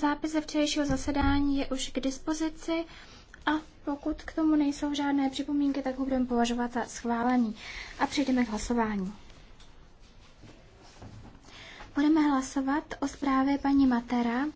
Zápis ze včerejšího zasedání je už k dispozici a pokud k tomu nejsou žádné připomínky, tak ho budeme považovat za schválený. A přejdeme k hlasování. Budeme hlasovat o zprávě paní Matera.